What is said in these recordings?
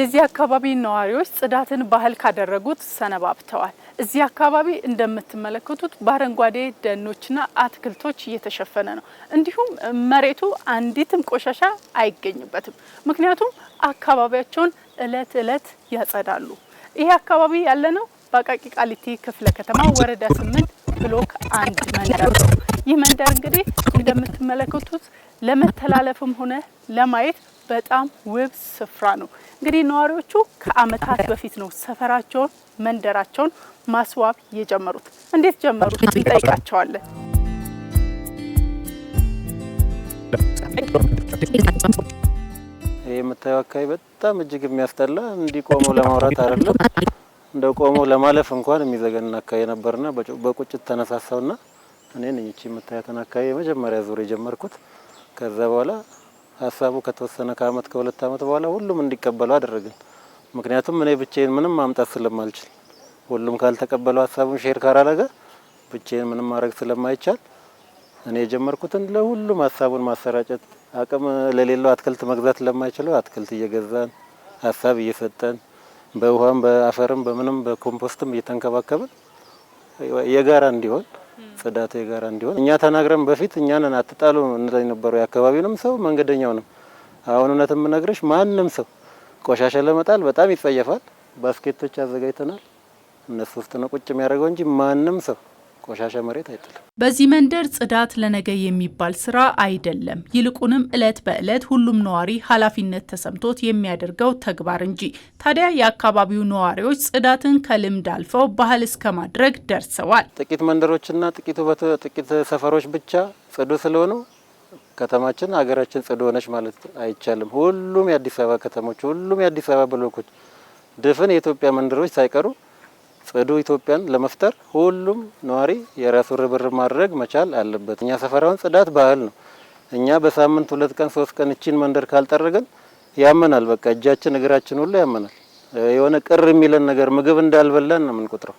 የዚህ አካባቢ ነዋሪዎች ጽዳትን ባህል ካደረጉት ሰነባብተዋል። እዚህ አካባቢ እንደምትመለከቱት በአረንጓዴ ደኖችና አትክልቶች እየተሸፈነ ነው። እንዲሁም መሬቱ አንዲትም ቆሻሻ አይገኝበትም። ምክንያቱም አካባቢያቸውን እለት እለት ያጸዳሉ። ይህ አካባቢ ያለነው በአቃቂ ቃሊቲ ክፍለ ከተማ ወረዳ ስምንት ብሎክ አንድ መንደር ነው። ይህ መንደር እንግዲህ እንደምትመለከቱት ለመተላለፍም ሆነ ለማየት በጣም ውብ ስፍራ ነው። እንግዲህ ነዋሪዎቹ ከአመታት በፊት ነው ሰፈራቸውን፣ መንደራቸውን ማስዋብ የጀመሩት። እንዴት ጀመሩት እንጠይቃቸዋለን። ይህ የምታየው አካባቢ በጣም እጅግ የሚያስጠላ እንዲህ ቆመው ለማውራት አይደለም እንደ ቆመው ለማለፍ እንኳን የሚዘገንን አካባቢ ነበርና በቁጭት ተነሳሳውና እኔ ነኝ እቺ የምታያትን አካባቢ የመጀመሪያ ዙር የጀመርኩት ከዛ በኋላ ሀሳቡ ከተወሰነ ከአመት ከሁለት አመት በኋላ ሁሉም እንዲቀበሉ አደረግን። ምክንያቱም እኔ ብቻዬን ምንም ማምጣት ስለማልችል ሁሉም ካልተቀበለው ሀሳቡን ሼር ካላረገ ብቻዬን ምንም ማድረግ ስለማይቻል እኔ የጀመርኩትን ለሁሉም ሀሳቡን ማሰራጨት አቅም ለሌለው አትክልት መግዛት ለማይችለው አትክልት እየገዛን ሀሳብ እየሰጠን በውሃም በአፈርም በምንም በኮምፖስትም እየተንከባከብን የጋራ እንዲሆን ጽዳቱ የጋራ እንዲሆን እኛ ተናግረን በፊት እኛንን አትጣሉ እንላይ ነበሩ የአካባቢውንም ሰው መንገደኛውንም። አሁን እውነት የምነግርሽ ማንም ሰው ቆሻሻ ለመጣል በጣም ይጸየፋል። ባስኬቶች አዘጋጅተናል። እነሱ ውስጥ ነው ቁጭ የሚያደርገው እንጂ ማንም ሰው ቆሻሻ መሬት አይጥልም። በዚህ መንደር ጽዳት ለነገ የሚባል ስራ አይደለም፣ ይልቁንም እለት በእለት ሁሉም ነዋሪ ኃላፊነት ተሰምቶት የሚያደርገው ተግባር እንጂ። ታዲያ የአካባቢው ነዋሪዎች ጽዳትን ከልምድ አልፈው ባህል እስከ ማድረግ ደርሰዋል። ጥቂት መንደሮችና ጥቂት ጥቂት ሰፈሮች ብቻ ጽዱ ስለሆኑ ከተማችን ሀገራችን ጽዱ ሆነች ማለት አይቻልም። ሁሉም የአዲስ አበባ ከተሞች፣ ሁሉም የአዲስ አበባ ብሎኮች፣ ድፍን የኢትዮጵያ መንደሮች ሳይቀሩ ጽዱ ኢትዮጵያን ለመፍጠር ሁሉም ነዋሪ የራሱ ርብርብ ማድረግ መቻል አለበት። እኛ ሰፈራውን ጽዳት ባህል ነው። እኛ በሳምንት ሁለት ቀን ሶስት ቀን እቺን መንደር ካልጠረገን ያመናል። በቃ እጃችን እግራችን ሁሉ ያመናል። የሆነ ቅር የሚለን ነገር ምግብ እንዳልበላን ነው የምንቆጥረው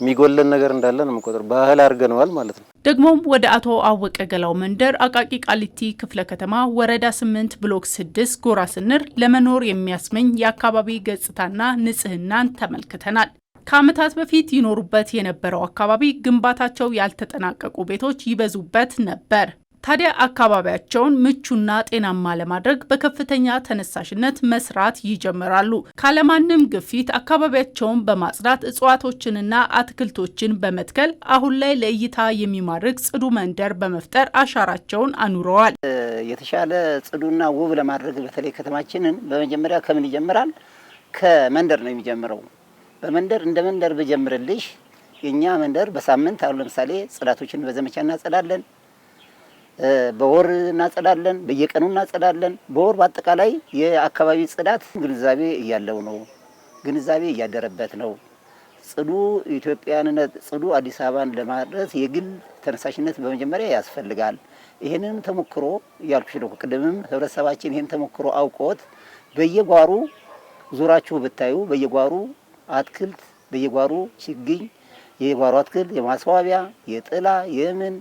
የሚጎለን ነገር እንዳለ ነው የምንቆጥረው። ባህል አድርገነዋል ማለት ነው። ደግሞም ወደ አቶ አወቀ ገላው መንደር አቃቂ ቃሊቲ ክፍለ ከተማ ወረዳ ስምንት ብሎክ ስድስት ጎራ ስንር ለመኖር የሚያስመኝ የአካባቢ ገጽታና ንጽህናን ተመልክተናል። ከዓመታት በፊት ይኖሩበት የነበረው አካባቢ ግንባታቸው ያልተጠናቀቁ ቤቶች ይበዙበት ነበር። ታዲያ አካባቢያቸውን ምቹና ጤናማ ለማድረግ በከፍተኛ ተነሳሽነት መስራት ይጀምራሉ። ካለማንም ግፊት አካባቢያቸውን በማጽዳት እጽዋቶችንና አትክልቶችን በመትከል አሁን ላይ ለእይታ የሚማርክ ጽዱ መንደር በመፍጠር አሻራቸውን አኑረዋል። የተሻለ ጽዱና ውብ ለማድረግ በተለይ ከተማችንን በመጀመሪያ ከምን ይጀምራል? ከመንደር ነው የሚጀምረው። በመንደር እንደ መንደር ብጀምርልሽ የኛ መንደር በሳምንት አሁን ለምሳሌ ጽዳቶችን በዘመቻ እናጸዳለን፣ በወር እናጸዳለን፣ በየቀኑ እናጸዳለን። በወር በአጠቃላይ የአካባቢ ጽዳት ግንዛቤ እያለው ነው፣ ግንዛቤ እያደረበት ነው። ጽዱ ኢትዮጵያንነት፣ ጽዱ አዲስ አበባን ለማድረስ የግል ተነሳሽነት በመጀመሪያ ያስፈልጋል። ይህንን ተሞክሮ እያልኩሽ ነው። ቅድምም ህብረተሰባችን ይህን ተሞክሮ አውቆት በየጓሩ ዙራችሁ ብታዩ በየጓሩ አትክልት በየጓሮ ችግኝ፣ የጓሮ አትክልት የማስዋቢያ የጥላ የምን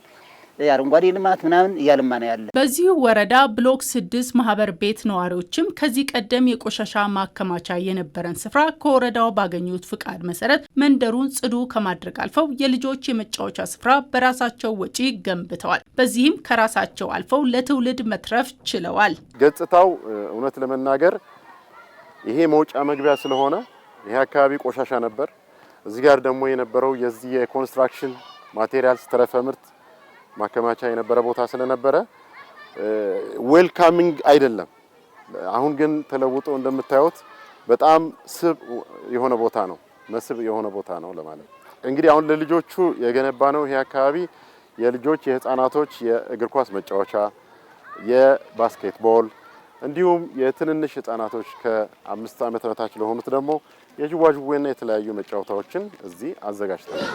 የአረንጓዴ ልማት ምናምን እያልማ ነው ያለ። በዚህ ወረዳ ብሎክ ስድስት ማህበር ቤት ነዋሪዎችም ከዚህ ቀደም የቆሻሻ ማከማቻ የነበረን ስፍራ ከወረዳው ባገኙት ፍቃድ መሰረት መንደሩን ጽዱ ከማድረግ አልፈው የልጆች የመጫወቻ ስፍራ በራሳቸው ወጪ ገንብተዋል። በዚህም ከራሳቸው አልፈው ለትውልድ መትረፍ ችለዋል። ገጽታው እውነት ለመናገር ይሄ መውጫ መግቢያ ስለሆነ ይሄ አካባቢ ቆሻሻ ነበር። እዚህ ጋር ደግሞ የነበረው የዚህ የኮንስትራክሽን ማቴሪያልስ ተረፈ ምርት ማከማቻ የነበረ ቦታ ስለነበረ ዌልካሚንግ አይደለም። አሁን ግን ተለውጦ እንደምታዩት በጣም ስብ የሆነ ቦታ ነው፣ መስብ የሆነ ቦታ ነው ለማለት እንግዲህ አሁን ለልጆቹ የገነባ ነው። ይሄ አካባቢ የልጆች የህፃናቶች የእግር ኳስ መጫወቻ፣ የባስኬትቦል እንዲሁም የትንንሽ ህፃናቶች ከአምስት ዓመት በታች ለሆኑት ደግሞ የዥዋዥዌና የተለያዩ መጫወታዎችን እዚህ አዘጋጅተናል።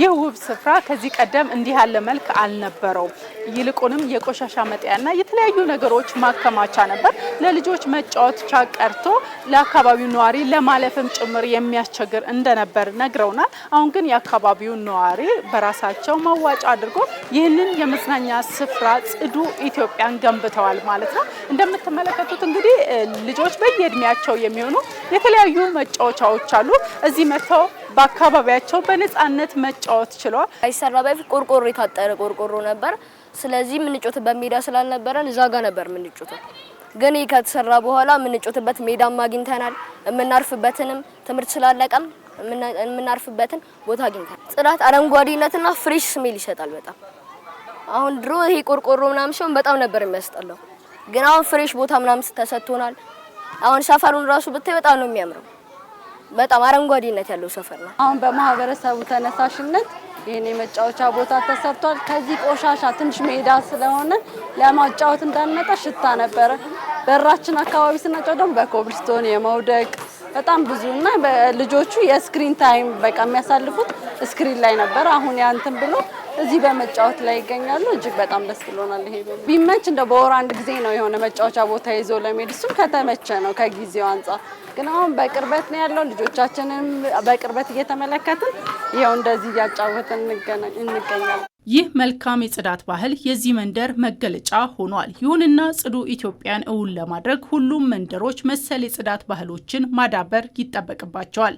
ይህ ውብ ስፍራ ከዚህ ቀደም እንዲህ ያለ መልክ አልነበረውም። ይልቁንም የቆሻሻ መጣያና የተለያዩ ነገሮች ማከማቻ ነበር። ለልጆች መጫወቻ ቀርቶ ለአካባቢው ነዋሪ ለማለፍም ጭምር የሚያስቸግር እንደነበር ነግረውናል። አሁን ግን የአካባቢው ነዋሪ በራሳቸው መዋጫ አድርጎ ይህንን የመዝናኛ ስፍራ ጽዱ ኢትዮጵያን ገንብተዋል ማለት ነው። እንደምትመለከቱት እንግዲህ ልጆች በየእድሜያቸው የሚሆኑ የተለያዩ መጫወቻዎች አሉ። እዚህ መጥተው በአካባቢያቸው በነፃነት መጫወት ችለዋል። አይሰራ በፊት ቆርቆሮ የታጠረ ቆርቆሮ ነበር። ስለዚህ የምንጮትበት ሜዳ ስላልነበረን እዛ ጋር ነበር የምንጮተው። ግን ይህ ከተሰራ በኋላ የምንጮትበት ሜዳም አግኝተናል። የምናርፍበትንም ትምህርት ስላለቀም የምናርፍበትን ቦታ አግኝተናል። ጽዳት፣ አረንጓዴነትና ፍሬሽ ስሜል ይሰጣል በጣም አሁን ድሮ ይሄ ቆርቆሮ ምናምን ሲሆን በጣም ነበር የሚያስጠላው። ግን አሁን ፍሬሽ ቦታ ምናምን ተሰጥቶናል። አሁን ሰፈሩን ራሱ ብታይ በጣም ነው የሚያምረው። በጣም አረንጓዴነት ያለው ሰፈር ነው። አሁን በማህበረሰቡ ተነሳሽነት ይህን የመጫወቻ ቦታ ተሰርቷል። ከዚህ ቆሻሻ ትንሽ ሜዳ ስለሆነ ለማጫወት እንዳንመጣ ሽታ ነበረ። በራችን አካባቢ ስናጫው ደግሞ በኮብልስቶን የመውደቅ በጣም ብዙ እና ልጆቹ የስክሪን ታይም በቃ የሚያሳልፉት ስክሪን ላይ ነበር። አሁን ያንትን ብሎ እዚህ በመጫወት ላይ ይገኛሉ። እጅግ በጣም ደስ ብሎናል። ይሄ ቢመች እንደ በወር አንድ ጊዜ ነው የሆነ መጫወቻ ቦታ ይዞ ለመሄድ እሱም ከተመቸ ነው ከጊዜው አንጻር። ግን አሁን በቅርበት ነው ያለው። ልጆቻችንም በቅርበት እየተመለከትን ይኸው እንደዚህ እያጫወትን እንገኛለን። ይህ መልካም የጽዳት ባህል የዚህ መንደር መገለጫ ሆኗል። ይሁንና ጽዱ ኢትዮጵያን እውን ለማድረግ ሁሉም መንደሮች መሰል የጽዳት ባህሎችን ማዳበር ይጠበቅባቸዋል።